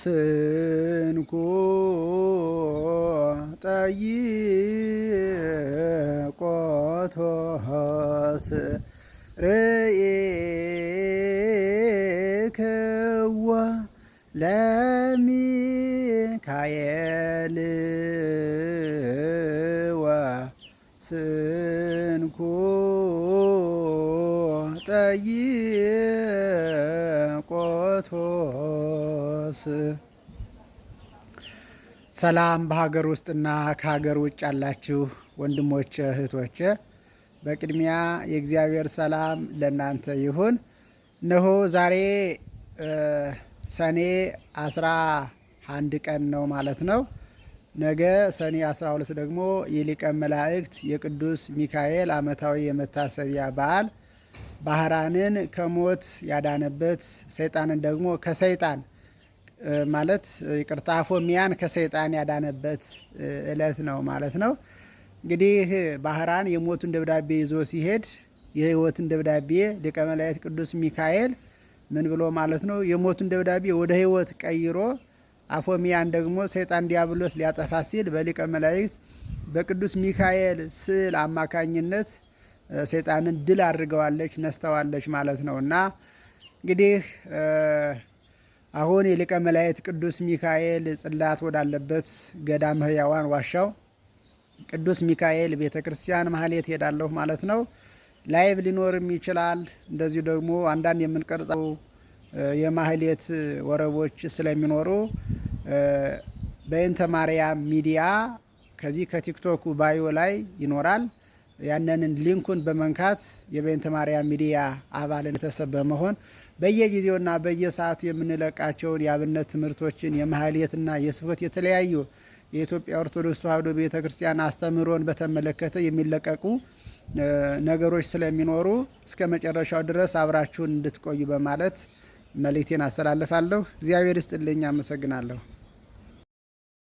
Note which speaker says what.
Speaker 1: ስንኮ ጠይቆቶስ ርእየክዎ ለሚካኤል ወስንኮ ጠይቆ ክርስቶስ። ሰላም በሀገር ውስጥና ከሀገር ውጭ ያላችሁ ወንድሞች እህቶች፣ በቅድሚያ የእግዚአብሔር ሰላም ለእናንተ ይሁን። እነሆ ዛሬ ሰኔ አስራ አንድ ቀን ነው ማለት ነው። ነገ ሰኔ 12 ደግሞ የሊቀ መላእክት የቅዱስ ሚካኤል ዓመታዊ የመታሰቢያ በዓል ባህራንን ከሞት ያዳነበት ሰይጣንን ደግሞ ከሰይጣን ማለት ይቅርታ አፎሚያን ከሰይጣን ያዳነበት እለት ነው ማለት ነው። እንግዲህ ባህራን የሞቱን ደብዳቤ ይዞ ሲሄድ የህይወትን ደብዳቤ ሊቀ መላእክት ቅዱስ ሚካኤል ምን ብሎ ማለት ነው የሞቱን ደብዳቤ ወደ ህይወት ቀይሮ አፎሚያን ደግሞ ሰይጣን ዲያብሎስ ሊያጠፋ ሲል በሊቀ መላእክት በቅዱስ ሚካኤል ስዕል አማካኝነት ሰይጣንን ድል አድርገዋለች፣ ነስተዋለች ማለት ነው እና እንግዲህ አሁን የሊቀ መላእክት ቅዱስ ሚካኤል ጽላት ወዳለበት ገዳም ህያዋን ዋሻው ቅዱስ ሚካኤል ቤተ ክርስቲያን ማህሌት ሄዳለሁ ማለት ነው። ላይቭ ሊኖርም ይችላል። እንደዚሁ ደግሞ አንዳንድ የምንቀርጸው የማህሌት ወረቦች ስለሚኖሩ በእንተ ማርያም ሚዲያ ከዚህ ከቲክቶክ ባዮ ላይ ይኖራል። ያንንን ሊንኩን በመንካት የበእንተ ማርያም ሚዲያ አባል ቤተሰብ በመሆን በየጊዜውና በየሰዓቱ የምንለቃቸውን የአብነት ትምህርቶችን የመሀልየትና የስብከት የተለያዩ የኢትዮጵያ ኦርቶዶክስ ተዋሕዶ ቤተ ክርስቲያን አስተምህሮን በተመለከተ የሚለቀቁ ነገሮች ስለሚኖሩ እስከ መጨረሻው ድረስ አብራችሁን እንድትቆዩ በማለት መልእክቴን አስተላልፋለሁ። እግዚአብሔር ይስጥልኝ። አመሰግናለሁ።